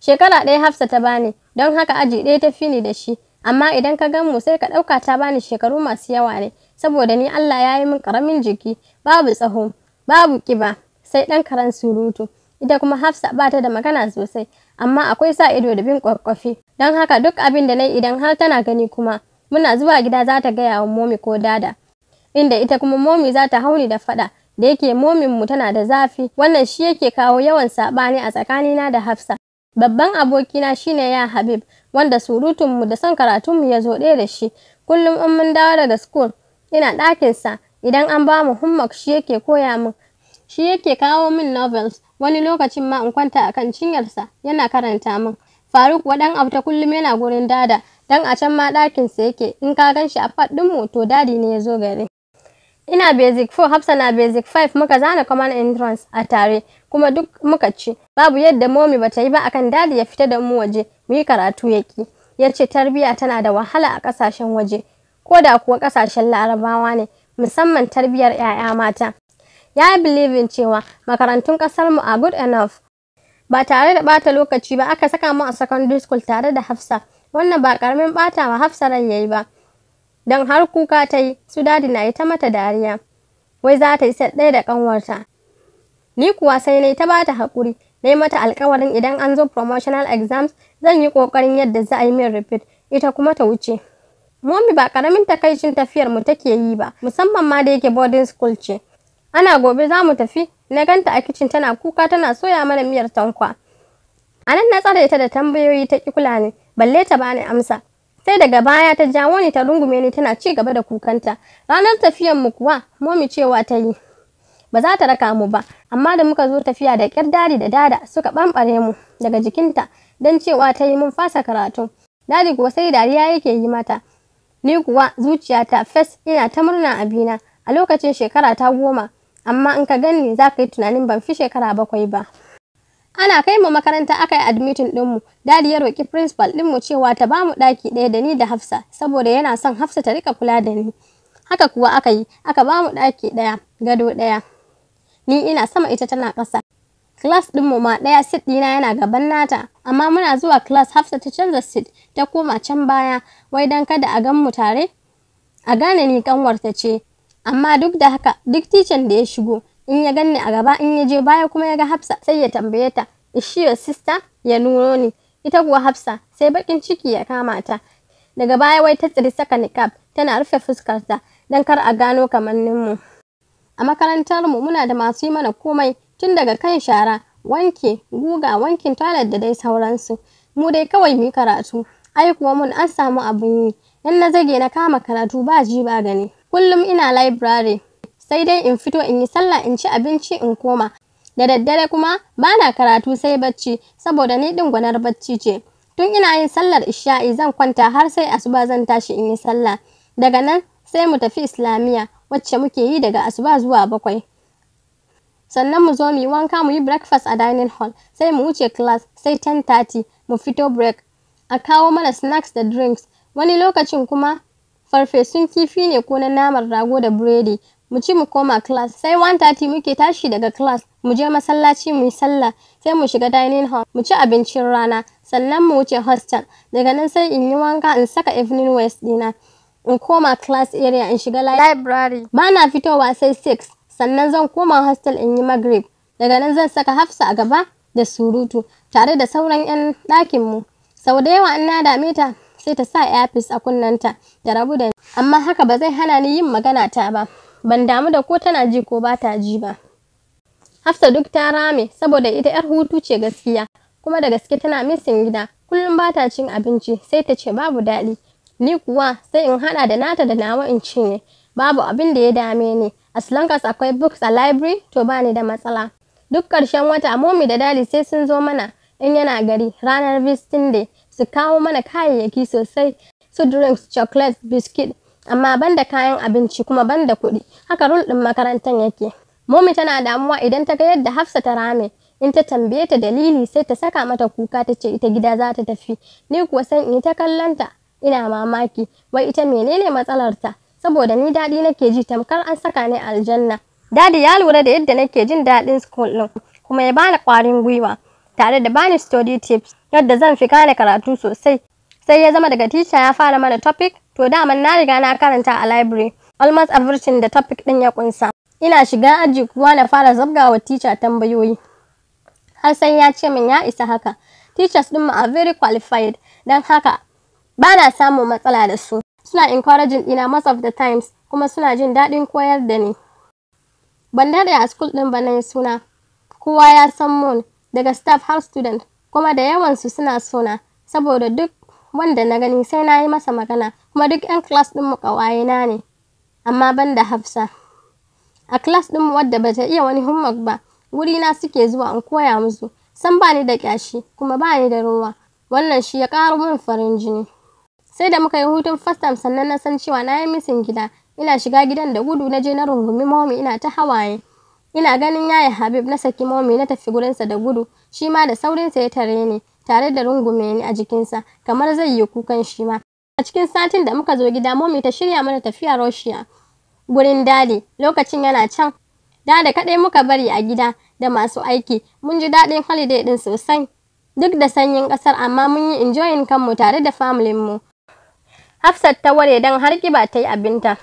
Shekara ɗaya Hafsa ta bani, don haka aji ɗaya ta fini da shi, amma idan ka gan mu sai ka ɗauka ta bani shekaru masu yawa ne, saboda ni Allah ya yi min ƙaramin jiki, babu tsaho, babu ƙiba, sai ɗan karen surutu. Ita kuma Hafsa ba ta da magana sosai, amma akwai sa ido da bin ƙwarƙwafi, don haka duk abin da na yi idan har tana gani kuma, muna zuwa gida za ta gaya wa momi ko dada, inda ita kuma momi za ta hauni da faɗa, da yake momin mu tana da zafi wannan shi yake kawo yawan saɓani a tsakanina da Hafsa Babban abokina shine ya Habib, wanda surutunmu da son karatunmu ya zo ɗaya da shi. Kullum in mun dawo daga school, ina ɗakinsa, idan an ba mu homework shi yake koya min. Shi yake kawo min novels, wani lokacin ma in kwanta a kan cinyarsa, yana karanta min. Faruk waɗan auta kullum yana gurin dada, dan a can ma ɗakinsa yake, in ka gan shi a faɗin mu to dadi ne ya zo gare. Ina basic 4 Hafsa na basic 5 muka zana common entrance a tare kuma duk muka ci. Babu yadda momi ba ta yi ba akan dadi ya fita da mu waje mu yi karatu ya ki. Ya ce tarbiyya tana da wahala a kasashen waje ko da kuwa kasashen larabawa ne musamman tarbiyyar 'ya'ya mata. Ya believe in cewa makarantun kasar mu a good enough. Ba tare da bata lokaci ba aka saka mu a secondary school tare da Hafsa. Wannan ba karamin bata wa Hafsa ran yayi ba. don har kuka ta yi su dadi na yi ta mata dariya wai za ta yi ɗaya da ƙanwarta ni kuwa sai na ta bata haƙuri na yi mata alƙawarin idan an zo promotional exams zan yi ƙoƙarin yadda za a yi min repeat ita kuma ta wuce momi ba ƙaramin takaicin tafiyar mu take yi ba musamman ma da yake boarding school ce ana gobe za mu tafi na ganta a kicin tana kuka tana soya mana miyar tankwa Anan nan na tsare ta da tambayoyi ta ƙi kula ne balle ta bani amsa sai daga baya ta jawo ni ta rungume ni tana ci gaba da kukanta ranar tafiyan mu kuwa momi cewa ta yi ba za ta raka mu ba amma da muka zo tafiya da kyar dadi da dada suka bambare mu daga jikinta don cewa ta yi mun fasa karatu dadi kuwa sai dariya yake yi mata ni kuwa zuciyata fes ina ta murna abina a lokacin shekara ta goma amma in ka gani za ka yi tunanin ban fi shekara bakwai ba ana kai mu makaranta aka yi admitin ɗinmu dadi ya roƙi principal ɗinmu cewa ta bamu ɗaki ɗaya da ni da hafsa saboda yana son hafsa ta rika kula da ni haka kuwa aka yi aka bamu ɗaki ɗaya gado ɗaya ni ina sama ita tana kasa. class ɗinmu ma ɗaya sit ɗina yana gaban nata amma muna zuwa class hafsa ta canza sit ta koma can baya wai dan kada a gan mu tare a gane ni ta ce amma duk da haka duk ticin da ya shigo in ya ganni a gaba in ya je baya kuma ya ga hafsa sai ya tambaye ta is she your ya nuno ni ita kuwa hafsa sai bakin ciki ya kama ta daga baya wai ta tsiri saka niqab tana rufe fuskarta dan kar a gano kamar mu. a makarantar mu muna da masu yi mana komai tun daga kan shara wanke guga wankin toilet da dai sauransu mu dai kawai mu karatu ai kuwa mun an samu abun yi Yan na zage na kama karatu ba ji ba gani kullum ina library sai dai in fito in yi sallah in ci abinci in koma da daddare kuma ba na karatu sai bacci saboda ni din gwanar bacci ce tun ina yin sallar isha'i zan kwanta har sai asuba zan tashi in yi sallah daga nan sai mu tafi islamiyya wacce muke yi daga asuba zuwa bakwai sannan mu zo mu yi wanka mu yi breakfast a dining hall sai mu wuce class sai 10:30 mu fito break a kawo mana snacks da drinks wani lokacin kuma farfesun kifi ne ko na naman rago da biredi mu ci mu koma class sai 1:30 muke tashi daga class mu je masallaci mu yi sallah sai mu shiga dining hall mu ci abincin rana sannan mu wuce hostel daga nan sai in yi wanka in saka evening waist dina in koma class area in shiga library ba na fitowa sai 6 sannan zan koma hostel in yi magrib daga nan zan saka hafsa a gaba da surutu tare da sauran 'yan mu sau da yawa in na dame ta sai ta sa earpiece a kunnanta da rabu da ni amma haka ba zai hana ni yin magana ta ba ban damu da ko tana ji ko ba ta ji ba. Hafsa duk ta rame saboda ita 'yar hutu ce gaskiya kuma da gaske tana misin gida kullum ba ta cin abinci sai ta ce babu daɗi. Ni kuwa sai in haɗa da nata da nawa in cinye babu abin da ya dame ni as long as akwai books a library to ba ni da matsala. Duk ƙarshen wata momi da dali sai sun zo mana in yana gari ranar visiting su kawo mana kayayyaki sosai su drinks, chocolates, biscuit amma banda kayan abinci kuma banda kuɗi haka rul ɗin makarantar yake momi tana damuwa idan ta ga yadda hafsa ta rame in ta tambaye ta dalili sai ta saka mata kuka ta ce ita gida za ta tafi ni kuwa san in ta kallanta ina mamaki wai ita menene matsalarta saboda ni daɗi nake ji tamkar an saka ni aljanna dadi ya lura da yadda nake jin daɗin school ɗin kuma ya bani ƙwarin gwiwa tare da bani study tips yadda zan fi kare karatu sosai sai ya zama daga tisha ya fara mana topic to daman na riga na karanta a library almost everything da topic din ya kunsa ina shiga aji kuwa na fara zabga wa teacher tambayoyi har sai ya ce min ya isa haka teachers din mu are very qualified dan haka ba na samun matsala da su suna encouraging ina most of the times kuma suna jin daɗin koyar da ni ban daɗe a school din ba na suna kowa ya san mun daga staff har student kuma da yawan su suna sona saboda duk wanda na gani sai na yi masa magana kuma duk 'yan class ɗinmu ƙawayena ne amma ban da hafsa a class ɗinmu wadda ba ta iya wani homework ba na suke zuwa in koya musu san ba ni da kyashi kuma ba ni da ruwa wannan shi ya ƙara min farin jini sai da muka yi hutun first time sannan na san cewa na yi misin gida ina shiga gidan da gudu na je na rungumi momi ina ta hawaye ina ganin yaya habib na saki momi na tafi gurinsa da gudu shi ma da saurinsa ya tare ni tare da rungume ni a jikinsa kamar zai yi kukan shi ma a cikin satin da muka zo gida momi ta shirya mana tafiya Russia gurin dadi lokacin yana can da da kadai muka bari a gida da masu aiki mun ji daɗin holiday din sosai duk da sanyin ƙasar amma mun yi enjoying kanmu tare da familin mu Hafsat ta ware dan har kiba ta yi abinta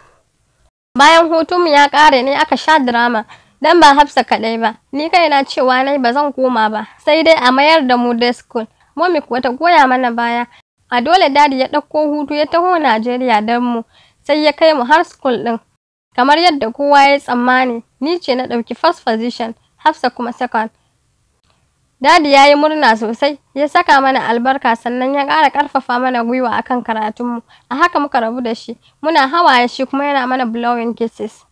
bayan hutunmu ya ƙare ne aka sha drama dan ba Hafsa kaɗai ba ni kai na cewa nai ba zan koma ba sai dai a mayar da mu school momik wata ta goya mana baya. A dole dadi ya ɗauko hutu ya taho Najeriya dan mu, sai ya kai mu har school ɗin. Kamar yadda kowa ya tsammani, ni ce na ɗauki first position, Hafsa kuma second. Dadi ya yi murna sosai, ya saka mana albarka sannan ya ƙara ƙarfafa mana gwiwa akan mu A haka muka rabu da shi, muna hawaye shi kuma yana mana blowing kisses.